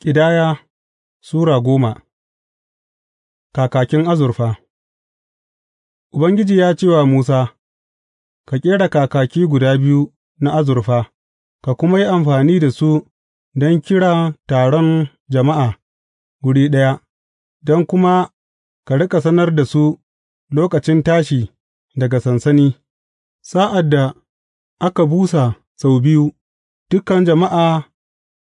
Ƙidaya Sura goma Kakakin azurfa Ubangiji ya ce wa Musa, Ka ƙera kakaki guda biyu na azurfa, ka kuma yi amfani da su don kira taron jama'a guri ɗaya, don kuma ka riƙa sanar da su lokacin tashi daga sansani, sa'ad da aka busa sau biyu, dukan jama'a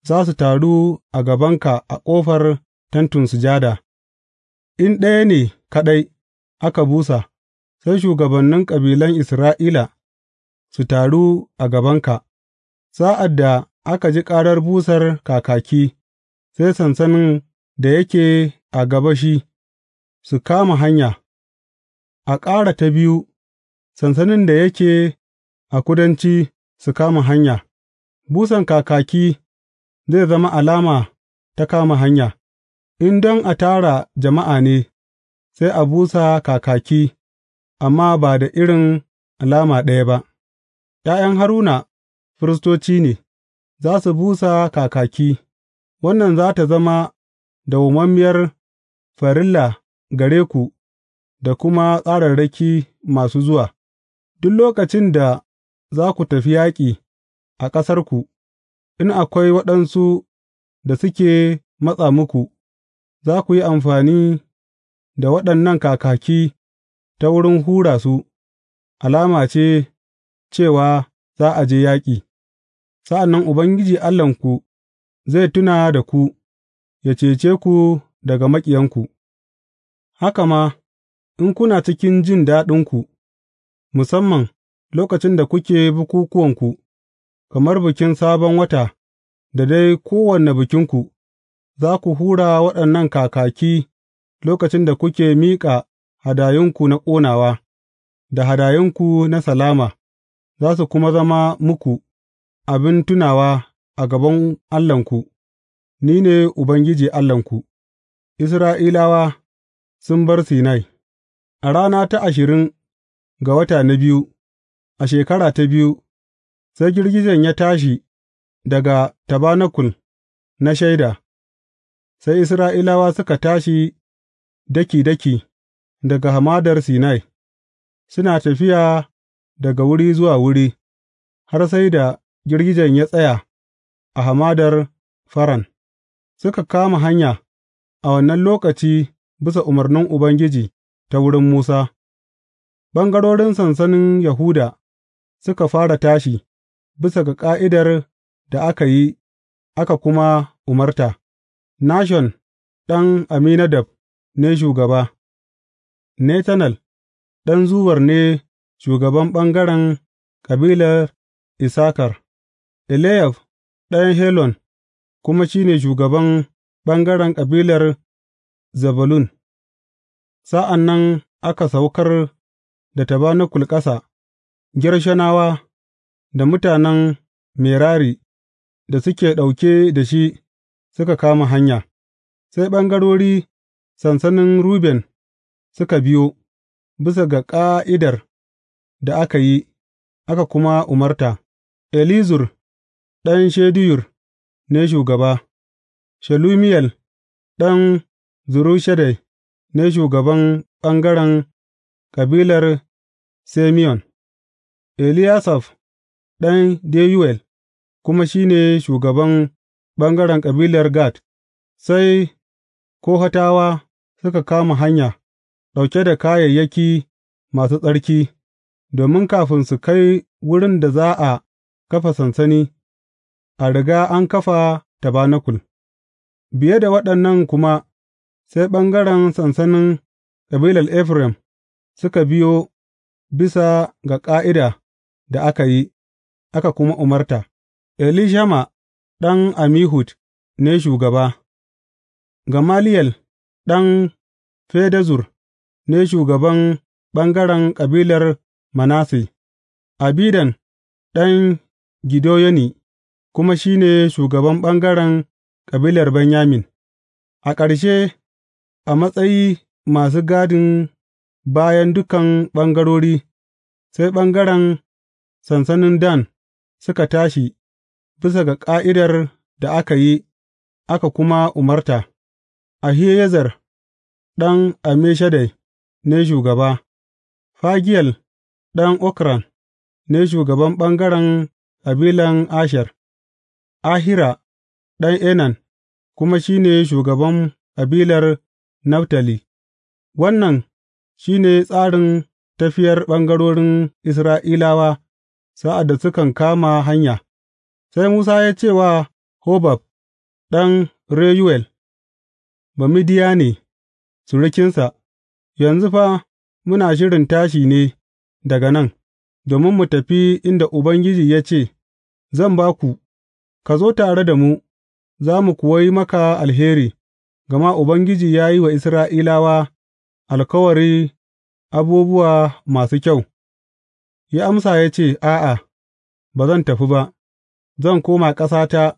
za su taru a gabanka a ƙofar Tentin Sujada, in ɗaya ne kaɗai aka busa, sai shugabannin kabilan Isra'ila su taru a gabanka, sa'ad da aka ji ƙarar busar kakaki, sai sansanin da yake a gabashi su kama hanya, a ƙara ta biyu, sansanin da yake a kudanci su kama hanya, busan kakaki. zai zama alama ta kama hanya, in don a tara jama'a ne, sai a busa kakaki, amma ba da irin alama ɗaya ba, ’ya'yan Haruna firistoci ne, za su busa kakaki, wannan za tă zama dawwammamiyar farilla gare ku da kuma tsararraki masu zuwa, duk lokacin da za ku tafi yaƙi a ƙasarku. In akwai waɗansu da suke matsa muku, za ku yi amfani da waɗannan kakaki ta wurin hura su, alama ce cewa za a je yaƙi, sa'an nan Ubangiji Allahnku zai tuna da ku, yă cece ku daga maƙiyanku, haka ma, in kuna cikin jin daɗinku, musamman lokacin da kuke bukukkuwanku. kamar bikin Sabon Wata da dai kowane bikinku, za ku hura waɗannan kakaki lokacin da kuke miƙa hadayunku na ƙonawa, da hadayunku na salama, za su kuma zama muku abin tunawa a gaban Allahnku, ni ne Ubangiji Allahnku, Isra'ilawa sun bar Sinai. A rana ta ashirin ga wata na biyu, a shekara ta biyu, Sai girgijen ya tashi daga tabanakul na Shaida, sai Isra'ilawa suka tashi daki daki daga Hamadar Sinai, suna tafiya daga wuri zuwa wuri, har sai da girgijen ya tsaya a Hamadar Faran, suka kama hanya a wannan lokaci bisa umarnin Ubangiji ta wurin Musa, ɓangarorin sansanin Yahuda suka fara tashi. bisa ga ƙa'idar da aka yi aka kuma umarta, Nashon ɗan aminadab ne shugaba, Netanel ɗan Zuwar ne shugaban ɓangaren kabilar Isakar. Eliyab ɗan Helon kuma shi ne shugaban ɓangaren kabilar Zebulun. Sa'an nan aka saukar da tabanakul ƙasa, Gershonawa da mutanen Merari da suke ɗauke da shi suka kama hanya, sai ɓangarori sansanin Ruben suka biyo, bisa ga ƙa'idar da aka yi, aka kuma umarta, Elizur ɗan Shediyur ne shugaba, Shelumiyel ɗan Zurishaddai ne shugaban ɓangaren kabilar Simeyon, Eliyasaf. ɗan Deyuwel, kuma shi ne shugaban ɓangaren kabilar Gad, sai Kohatawa suka kama hanya, ɗauke da kayayyaki masu tsarki, domin kafin su kai wurin da za a kafa sansani, a riga an kafa tabanakul, biye da waɗannan kuma sai ɓangaren sansanin kabilar Efraim suka biyo bisa ga ƙa'ida da aka yi. aka kuma umarta, Elishama ɗan Amihud ne shugaba, Gamaliyel ɗan Fedazur ne shugaban ɓangaren kabilar Manasse, Abidan ɗan gidoyoni kuma shi ne shugaban ɓangaren kabilar Benyamin, a ƙarshe, a matsayi masu gadin bayan dukan ɓangarori, sai ɓangaren sansanin Dan. suka tashi, bisa ga ƙa'idar da aka yi aka kuma umarta, Ahiyezer ɗan Ammishaddai ne shugaba, Fagiyel ɗan Okran ne shugaban ɓangaren kabilan Asher, Ahira ɗan Enan kuma shi ne shugaban kabilar Naftali, wannan shi ne tsarin tafiyar ɓangarorin Isra'ilawa. sa'ad da sukan kama hanya, sai Musa ya ce wa Hobab ɗan bamidiya ne surukinsa, Yanzu fa muna shirin tashi ne daga nan, domin mu tafi inda Ubangiji ya ce, Zan ba ku, ka zo tare da mu, za mu kuwa yi maka alheri, gama Ubangiji ya yi wa Isra'ilawa alkawari abubuwa masu kyau. Ya amsa ya ce, A'a, ba zan tafi ba, zan koma ƙasata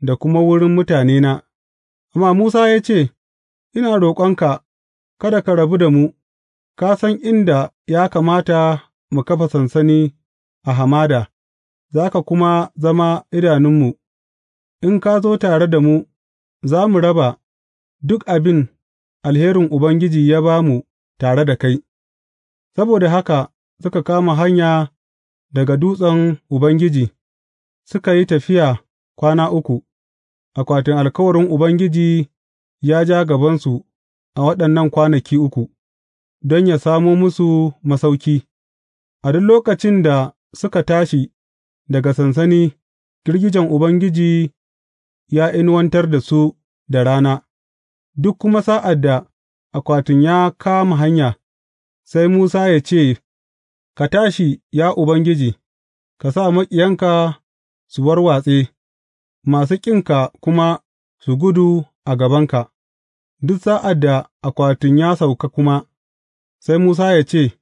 da kuma wurin mutanena, amma Musa ya ce, Ina roƙonka kada ka rabu da mu, ka san inda ya kamata mu kafa sansani a hamada, za ka kuma zama idanunmu, in ka zo tare da mu, za mu raba duk abin alherin Ubangiji ya ba mu tare da kai, saboda haka suka kama hanya daga dutsen Ubangiji, suka yi tafiya kwana uku, akwatin alkawarin Ubangiji ya ja gabansu a waɗannan kwanaki uku, don yă samo musu masauki, a duk lokacin da suka tashi daga sansani, girgijen Ubangiji ya inuwantar da su da rana, duk kuma sa'ad da akwatin ya kama hanya, sai Musa ya ce Ka tashi, ya Ubangiji, ka sa maƙiyanka su warwatse, masu ƙinka kuma su gudu a gabanka, duk sa'ad da akwatin ya sauka kuma, sai Musa ya ce,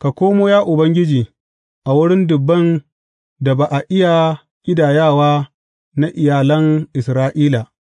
Ka komo, ya Ubangiji, a wurin dubban da ba a iya ƙidayawa na iyalan Isra'ila.